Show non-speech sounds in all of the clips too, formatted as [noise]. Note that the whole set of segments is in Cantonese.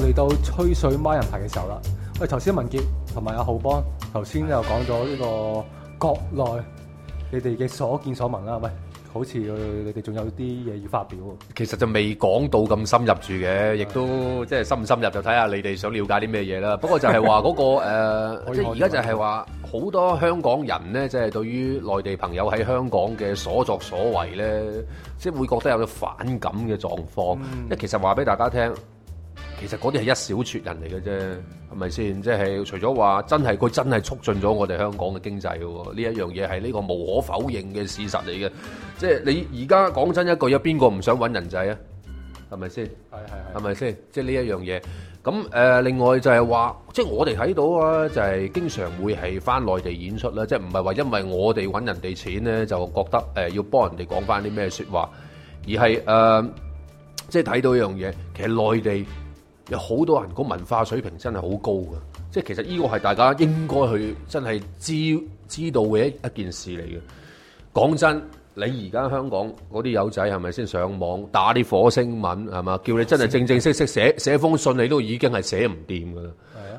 嚟到吹水孖人牌嘅時候啦，喂，頭先文傑同埋阿浩邦頭先又講咗呢個國內你哋嘅所見所聞啦，喂，好似你哋仲有啲嘢要發表喎。其實就未講到咁深入住嘅，亦的都即係深唔深入就睇下你哋想了解啲咩嘢啦。不過就係話嗰個誒，即而家就係話好多香港人咧，即係對於內地朋友喺香港嘅所作所為咧，即係會覺得有啲反感嘅狀況。因為、嗯、其實話俾大家聽。其實嗰啲係一小撮人嚟嘅啫，係咪先？即係除咗話真係佢真係促進咗我哋香港嘅經濟喎，呢一樣嘢係呢個無可否認嘅事實嚟嘅。即係你而家講真一句，有邊個唔想揾人仔啊？係咪先？係係係。係咪先？即係呢一樣嘢。咁誒，另外就係話，即係我哋睇到啊，就係經常會係翻內地演出啦。即係唔係話因為我哋揾人哋錢咧，就覺得誒要幫人哋講翻啲咩説話，而係誒即係睇到一樣嘢，其實內地。有好多人，個文化水平真係好高㗎，即係其實呢個係大家應該去真係知知道嘅一一件事嚟嘅。講真，你而家香港嗰啲友仔係咪先上網打啲火星文係嘛？叫你真係正正式式寫寫封信，你都已經係寫唔掂㗎啦，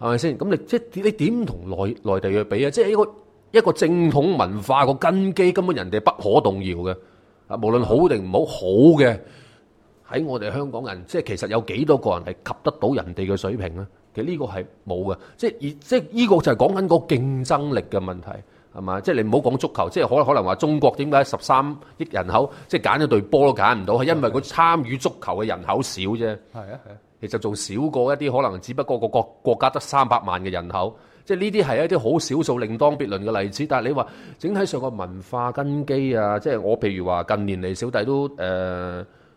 係咪先？咁你即係你點同內內地去比啊？即係一個一個正統文化個根基，根本人哋不可動搖嘅。啊，無論好定唔好，好嘅。喺我哋香港人，即係其實有幾多個人係及得到人哋嘅水平呢？其實呢個係冇嘅，即係即係呢個就係講緊個競爭力嘅問題，係嘛？即係你唔好講足球，即係可可能話中國點解十三億人口即係揀咗對波都揀唔到，係因為佢參與足球嘅人口少啫。係啊係啊，其實仲少過一啲可能，只不過個國國家得三百萬嘅人口，即係呢啲係一啲好少數另當別論嘅例子。但係你話整體上個文化根基啊，即係我譬如話近年嚟，小弟都誒。呃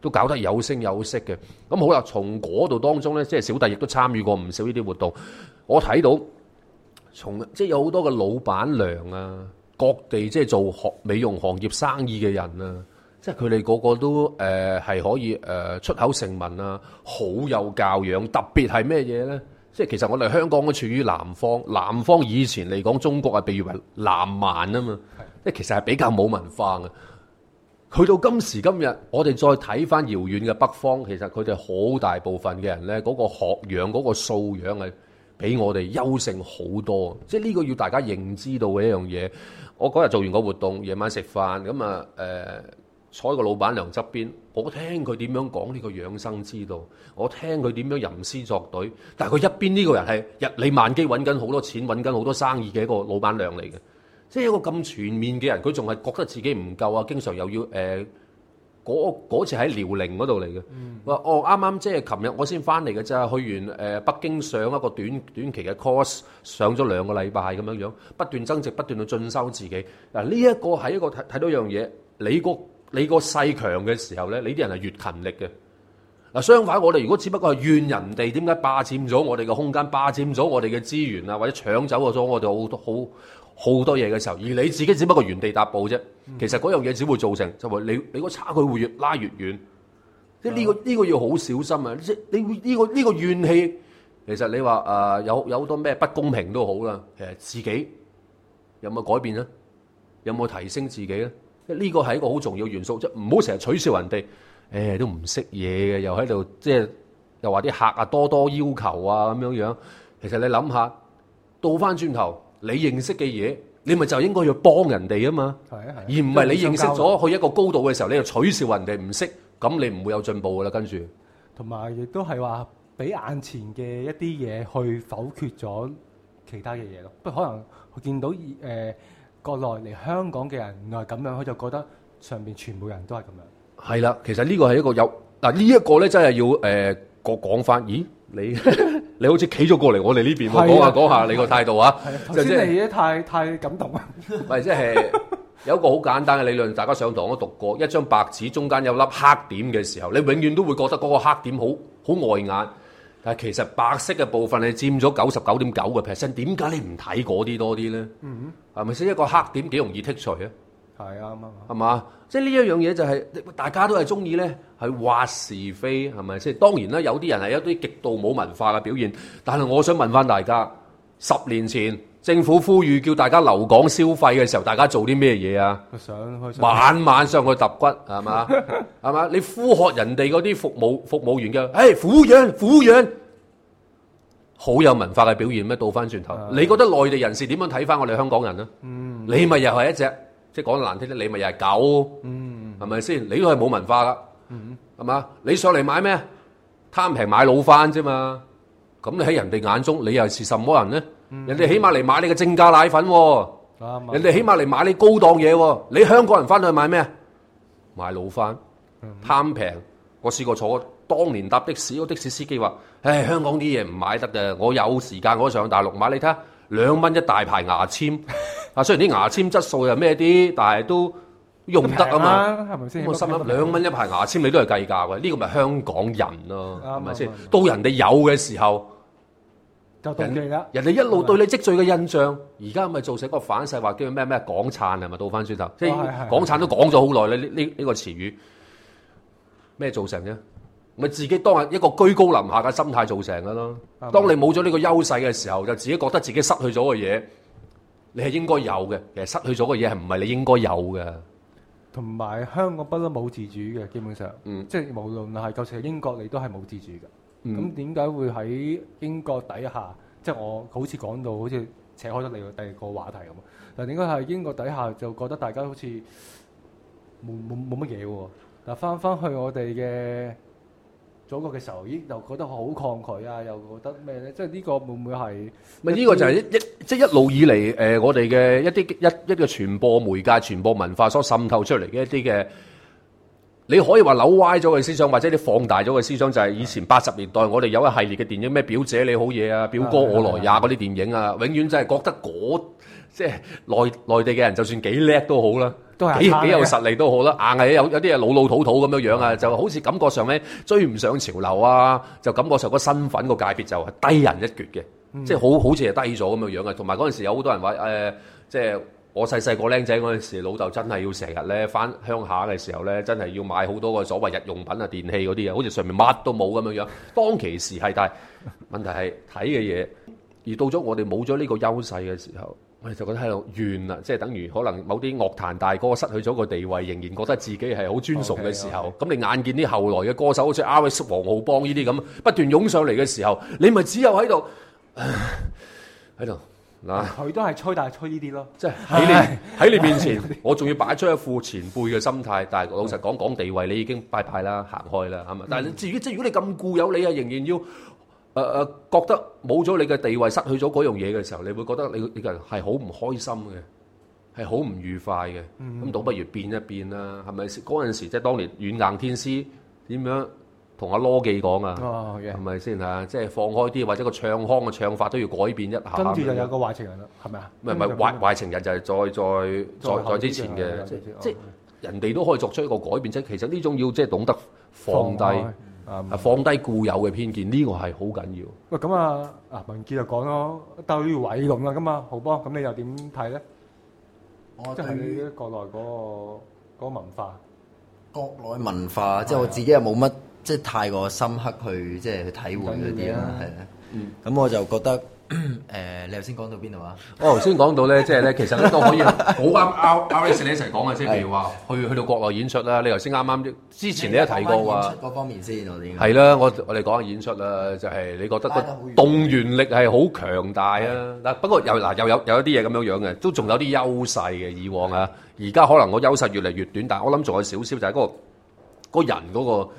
都搞得有聲有色嘅，咁好啦。從嗰度當中呢，即係小弟亦都參與過唔少呢啲活動。我睇到從即係有好多嘅老闆娘啊，各地即係做學美容行業生意嘅人啊，即係佢哋個個都誒係可以誒出口成文啊，好有教養。特別係咩嘢呢？即係其實我哋香港都處於南方，南方以前嚟講中國係被譽為南蠻啊嘛，即係其實係比較冇文化去到今時今日，我哋再睇翻遙遠嘅北方，其實佢哋好大部分嘅人呢，嗰、那個學養、嗰、那個素養係比我哋優勝好多。即係呢個要大家認知到嘅一樣嘢。我嗰日做完個活動，夜晚食飯咁啊，誒、呃、坐喺個老闆娘側邊，我聽佢點樣講呢個養生之道，我聽佢點樣吟詩作對。但係佢一邊呢個人係日理萬機，揾緊好多錢，揾緊好多生意嘅一個老闆娘嚟嘅。即係一個咁全面嘅人，佢仲係覺得自己唔夠啊！經常又要誒嗰、呃、次喺遼寧嗰度嚟嘅，哦啱啱即係琴日我先翻嚟嘅咋，去完、呃、北京上一個短短期嘅 course，上咗兩個禮拜咁樣樣，不斷增值，不斷去進修自己。嗱、呃、呢、這個、一個係一個睇睇到樣嘢，你個你個勢強嘅時候呢，你啲人係越勤力嘅。嗱、呃、相反我，我哋如果只不過係怨人哋點解霸佔咗我哋嘅空間，霸佔咗我哋嘅資源啊，或者搶走咗我哋好多好。好多嘢嘅時候，而你自己只不過原地踏步啫。其實嗰樣嘢只會造成，就話你你個差距會越拉越遠。即係呢個呢個要好小心啊！即係你呢個呢個怨氣，其實你話誒有有好多咩不公平都好啦。誒自己有冇改變咧？有冇提升自己咧？呢個係一個好重要元素，即係唔好成日取笑人哋。誒都唔識嘢嘅，又喺度即係又話啲客啊多多要求啊咁樣樣。其實你諗下，倒翻轉頭。你認識嘅嘢，你咪就應該要幫人哋啊嘛，是的而唔係你認識咗去一個高度嘅時候，的你就取笑人哋唔識，咁的你唔會有進步噶啦。跟住，同埋亦都係話，俾眼前嘅一啲嘢去否決咗其他嘅嘢咯。不過可能佢見到誒、呃、國內嚟香港嘅人原來咁樣，佢就覺得上邊全部人都係咁樣。係啦，其實呢個係一個有嗱呢一個咧，真係要誒個講法，咦？你你好似企咗過嚟我哋呢邊喎，講 [laughs] 下講下你個態度啊！頭先、 [laughs] 就係、你咧太太感動啊、 [laughs] 就係！喂，即係有一個好簡單嘅理論，大家上堂都讀過，一張白紙中間有粒黑點嘅時候，你永遠都會覺得嗰個黑點好好礙眼，但係其實白色嘅部分佔你佔咗九十九點九個 percent，點解你唔睇嗰啲多啲咧？嗯，係咪先一個黑點幾容易剔除啊？係啊，係嘛，即係呢一樣嘢就係、是、大家都係中意咧，係話是非，係咪先？當然啦，有啲人係一啲極度冇文化嘅表現。但係我想問翻大家，十年前政府呼籲叫大家留港消費嘅時候，大家做啲咩嘢啊？想晚晚上去揼骨，係嘛，係嘛？你呼喝人哋嗰啲服務服務員嘅，誒、欸，苦養苦養，好有文化嘅表現咩？倒翻轉頭，的你覺得內地人士點樣睇翻我哋香港人咧？嗯，你咪又係一隻。即係講得難聽啲，你咪又係狗，係咪先？你都係冇文化㗎，係嘛、嗯？你上嚟買咩？貪平買老翻啫嘛！咁你喺人哋眼中，你又是什麼人咧？嗯、人哋起碼嚟買你嘅正價奶粉、啊，嗯嗯、人哋起碼嚟買你高檔嘢、啊。你香港人翻去買咩？買老翻，嗯、貪平。我試過坐，當年搭的士，個的士司機話：唉，香港啲嘢唔買得嘅。我有時間，我上大陸買。你睇下，兩蚊一大排牙籤。 [laughs] 啊，雖然啲牙籤質素又咩啲，但係都用得啊嘛。啊，係咪先？我心諗兩蚊一排牙籤，你都係計價㗎。呢、這個咪香港人咯、啊，係咪先？到人哋有嘅時候，就妒忌啦。人哋一路對你積聚嘅印象，而家咪造成個反噬話叫咩咩港燦係咪？倒翻轉頭，即係港燦都講咗好耐啦。呢呢呢個詞語咩造成啫？咪自己當日一個居高臨下嘅心態造成嘅咯。吧當你冇咗呢個優勢嘅時候，就自己覺得自己失去咗嘅嘢。你係應該有嘅，其實失去咗嘅嘢係唔係你應該有嘅？同埋香港不嬲冇自主嘅，基本上，嗯，即係無論係舊時係英國，你都係冇自主嘅。咁點解會喺英國底下？即係我好似講到，好似扯開咗你個第二個話題咁。但係點解喺英國底下就覺得大家好似冇冇乜嘢喎？嗱，翻翻去我哋嘅祖國嘅時候，咦？又覺得好抗拒啊，又覺得咩咧？即係呢個會唔會係？唔係呢個就係一一。一即係一路以嚟，誒我哋嘅一啲一一個傳播媒介、傳播文化所滲透出嚟嘅一啲嘅，你可以話扭歪咗嘅思想，或者啲放大咗嘅思想，就係以前八十年代我哋有一系列嘅電影，咩表姐你好嘢啊，表哥我來也嗰啲電影啊，永遠就係覺得嗰即係內內地嘅人，就算幾叻都好啦，都係幾幾有實力都好啦，硬係有有啲嘢老老土土咁樣樣啊，就好似感覺上咧追唔上潮流啊，就感覺上個身份個界別就係低人一級嘅。嗯、即係好好似係低咗咁樣嘅，同埋嗰陣時有好多人話、呃、即係我細細個僆仔嗰陣時，老豆真係要成日咧翻鄉下嘅時候咧，真係要買好多個所謂日用品啊、電器嗰啲嘢，好似上面乜都冇咁樣樣。當其時係，但係問題係睇嘅嘢。而到咗我哋冇咗呢個優勢嘅時候，我哋就覺得喺度怨啦。即係等於可能某啲樂壇大哥失去咗個地位，仍然覺得自己係好尊崇嘅時候，咁 Okay, okay. 你眼見啲後來嘅歌手好似 R.X 黃浩邦呢啲咁不斷湧上嚟嘅時候，你咪只有喺度。喺度嗱，佢都係吹，大吹呢啲咯，即係喺你喺你面前， [laughs] 我仲要擺出一副前輩嘅心態。但係老實講，講地位，你已經拜拜啦，行開啦，係嘛？但係你自己，即係如果你咁固有，你啊仍然要誒誒、呃，覺得冇咗你嘅地位，失去咗嗰樣嘢嘅時候，你會覺得你你個人係好唔開心嘅，係好唔愉快嘅。咁 [laughs] 倒不如變一變啦，係咪？嗰陣時即係、就是、當年軟硬天師點樣？同阿羅記講啊，係咪先嚇？即係放開啲，或者個唱腔嘅唱法都要改變一下。跟住就有個壞情人啦，係咪啊？唔係唔係壞壞情人就係再再再再之前嘅，即係人哋都可以作出一個改變啫。其實呢種要即係懂得放低，啊放低固有嘅偏見，呢個係好緊要。喂，咁啊，啊文傑就講咯，兜啲位咁啦，咁啊，浩波，咁你又點睇咧？我即係國內嗰個文化。國內文化即係我自己又冇乜。即係太過深刻去，即係去體會嗰啲啦，係啦。咁、嗯、我就覺得，誒，你頭先講到邊度啊？我頭先講到咧，即係咧，其實咧都可以好啱阿阿 R 你一齊講嘅，即係譬如話去去到國內演出啦。你頭先啱啱之前你都提過啊。演出方面先，我哋係啦，我我哋講下演出啦，就係、是、你覺得個動員力係好強大啊！嗱，不過又嗱又有有，有一啲嘢咁樣樣嘅，都仲有啲優勢嘅。以往啊，而家可能我優勢越嚟越短，但係我諗仲有少少、那個，就係一個個人嗰、那個。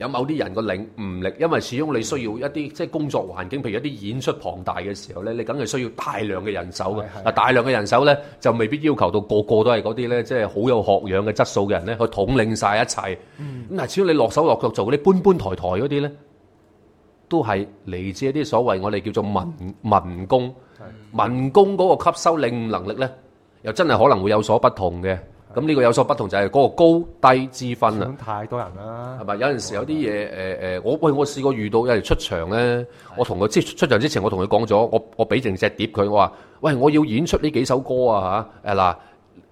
有某啲人個領悟力，因為始終你需要一啲即係工作環境，譬如一啲演出龐大嘅時候咧，你梗係需要大量嘅人手嘅。是是是大量嘅人手咧，就未必要求到個個都係嗰啲咧，即係好有學養嘅質素嘅人咧去統領曬一切。咁但係是是 始終你落手落腳做嗰啲搬搬抬抬嗰啲咧，都係嚟自一啲所謂我哋叫做民民工。是是民工嗰個吸收領悟能力咧，又真係可能會有所不同嘅。咁呢個有所不同就係嗰個高低之分啦。太多人啦，係咪？有陣時有啲嘢、呃，我喂，我試過遇到，有人出場咧，的我同佢即係出場之前我，我同佢講咗，我我俾成隻碟佢，我話：喂，我要演出呢幾首歌啊吓誒嗱，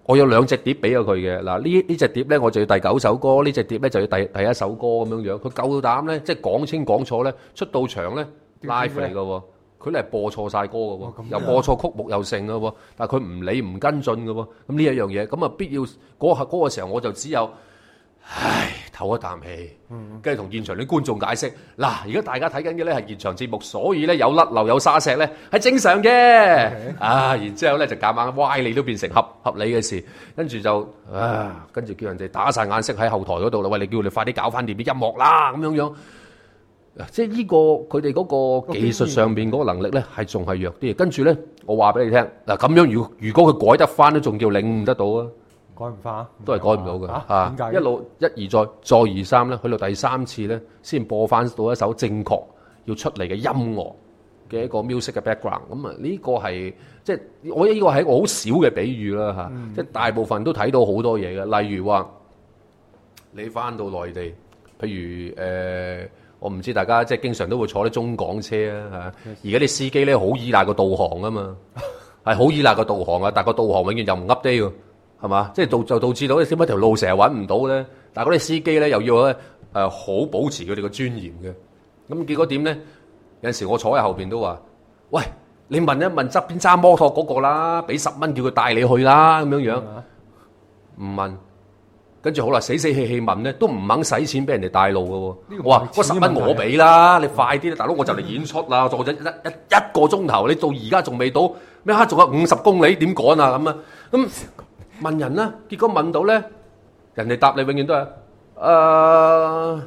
我有兩隻碟俾咗佢嘅，嗱呢呢隻碟咧我就要第九首歌，呢隻碟咧就要第第一首歌咁樣樣。佢夠膽咧，即係講清講楚咧，出到場咧，live 嚟㗎喎。佢嚟播錯曬歌㗎喎，又播錯曲目又剩㗎喎，但係佢唔理唔跟進㗎喎，咁呢一樣嘢，咁啊必要嗰下歌嘅時候，我就只有唉唞一啖氣，跟住同現場啲觀眾解釋嗱，而家大家睇緊嘅咧係現場節目，所以咧有甩漏有沙石咧係正常嘅，啊，然之後咧就夾硬歪你都變成合合理嘅事，跟住就啊，跟住叫人哋打曬眼色喺後台嗰度啦，喂，你叫你快啲搞翻掂啲音樂啦，咁樣樣。即係、這、呢個佢哋嗰個技術上邊嗰個能力呢，係仲係弱啲。跟住呢，我話俾你聽嗱，咁樣如果如果佢改得翻都仲叫領悟得到不啊？不改唔翻，都係改唔到嘅嚇。一路一而再，再而三呢，去到第三次呢，先播翻到一首正確要出嚟嘅音樂嘅一個 music 嘅 background。咁、嗯嗯就是這個、啊，呢個係即係我呢個係一個好少嘅比喻啦嚇。即係大部分都睇到好多嘢嘅，例如話你翻到內地，譬如誒。呃.我唔知大家即係經常都會坐啲中港車啊，嚇！而家啲司機咧好依賴個導航啊嘛，係好依賴個導航啊，但個導航永遠又唔 update 喎，係嘛？即係導就導致到點解條路成日揾唔到咧。但嗰啲司機咧又要咧誒好保持佢哋嘅尊嚴嘅。咁結果點咧？有陣時我坐喺後邊都話：喂，你問一問側邊揸摩托嗰個啦，俾十蚊叫佢帶你去啦，咁樣樣唔問。跟住好啦，死死氣氣問咧，都唔肯使錢俾人哋帶路㗎喎、啊。是是我話：十蚊我俾啦，你快啲啦，嗯、大佬，我就嚟演出啦，再一一一個鐘頭，你到而家仲未到，咩哈？仲有五十公里點趕啊咁啊？咁問人啦，結果問到咧，人哋答你永遠都係：誒、呃、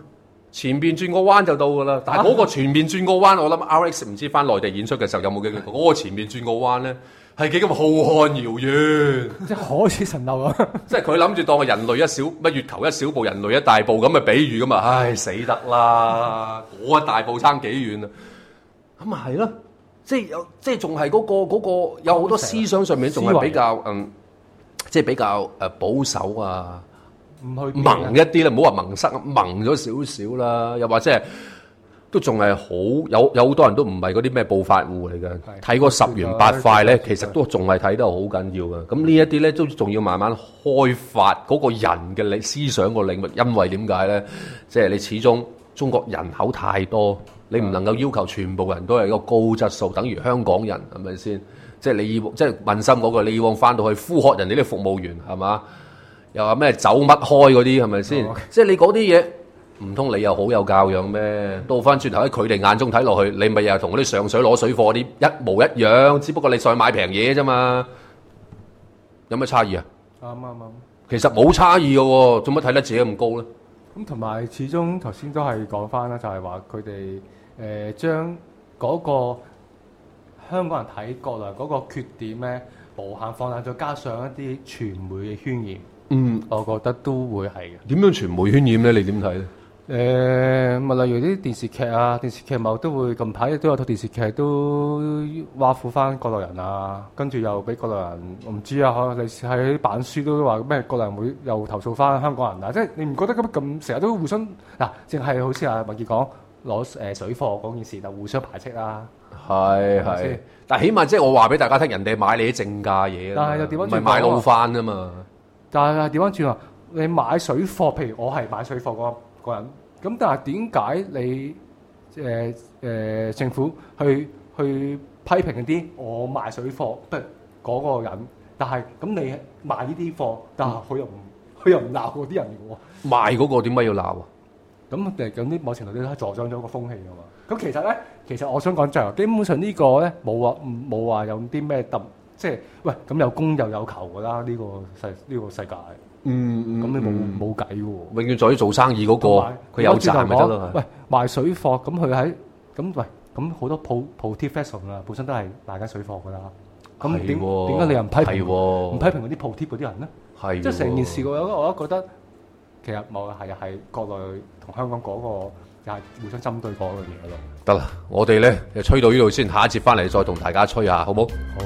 前面轉個彎就到噶啦。但係嗰個，個，、啊、個前面轉個彎，我諗 R.X 唔知翻內地演出嘅時候有冇見過嗰個前面轉個彎咧？係幾咁浩瀚遙遠，即係海市蜃樓啊！ [laughs] 即係佢諗住當個人類一小乜月頭一小步，人類一大步咁嘅比喻咁啊！唉，死得啦！嗰一 [laughs] 大步差幾遠啊？咁咪係咯，即係有即係仲係嗰個嗰、嗰個有好多思想上面仲係比較嗯，即係比較誒保守啊，唔去萌一啲咧，唔好話萌失啊，萌咗少少啦，又或者。係。都仲係好有有好多人都唔係嗰啲咩暴發戶嚟嘅，睇個十元八塊呢，其實都仲係睇得好緊要嘅。咁呢一啲呢，都仲要慢慢開發嗰個人嘅理思想個領域。因為點解呢？即係你始終中國人口太多，你唔能夠要求全部人都係一個高質素，嗯、等於香港人係咪先？即係你即係問心嗰句，你以往翻到去呼喝人哋啲服務員係嘛？又話咩走乜開嗰啲係咪先？即係、嗯、你嗰啲嘢。唔通你又好有教養咩？倒翻轉頭喺佢哋眼中睇落去，你咪又同嗰啲上水攞水貨啲一模一樣，只不過你上去買平嘢啫嘛。有咩差異啊？啱啱啱，其實冇差異嘅喎，做乜睇得自己咁高咧？咁同埋始終頭先都係講翻啦，就係話佢哋誒將嗰個香港人睇過來嗰個缺點咧，無限放大咗，再加上一啲傳媒嘅渲染。嗯，我覺得都會係嘅。點樣傳媒渲染咧？你點睇咧？誒，咪、欸、例如啲電視劇啊，電視劇咪都會近排都有套電視劇都挖苦翻國內人啊，跟住又俾國內人，我唔知啊，可能你喺版書都話咩？國內人會又投訴翻香港人啊，即係你唔覺得咁咁成日都互相嗱，淨、啊、係好似阿文傑講攞誒水貨嗰件事就互相排斥啦、啊，係係，但起碼即係我話俾大家聽，人哋買你啲正價嘢，但係又點樣轉啊？咪買路翻啫嘛？但係點樣轉啊？你買水貨，譬如我係買水貨嗰個人。咁但係點解你誒誒、呃呃、政府去去批評嗰啲我賣水貨不嗰個人，但係咁你賣呢啲貨，但係佢又唔佢、嗯、又唔鬧嗰啲人喎？賣嗰個點解要鬧啊？咁誒有啲某程度你都係助長咗個風氣㗎嘛？咁其實咧，其實我想講就係基本上這個呢個咧冇話冇話有啲咩特，即、就、係、是、喂咁有供又有求㗎啦。呢、這個世呢、這個世界。嗯，咁你冇冇計喎？永遠在於做生意嗰個，佢有賺咪得咯？喂，賣水貨咁佢喺咁喂咁好多鋪鋪貼 fashion 啦，本身都係大家水貨噶啦。咁點點解你又唔批評？唔批評嗰啲鋪貼嗰啲人咧？係即係成件事嘅話，我都覺得其實冇係係國內同香港嗰個又係互相針對嗰樣嘢咯。得啦，我哋咧就吹到呢度先，下一節翻嚟再同大家吹下，好唔好？好。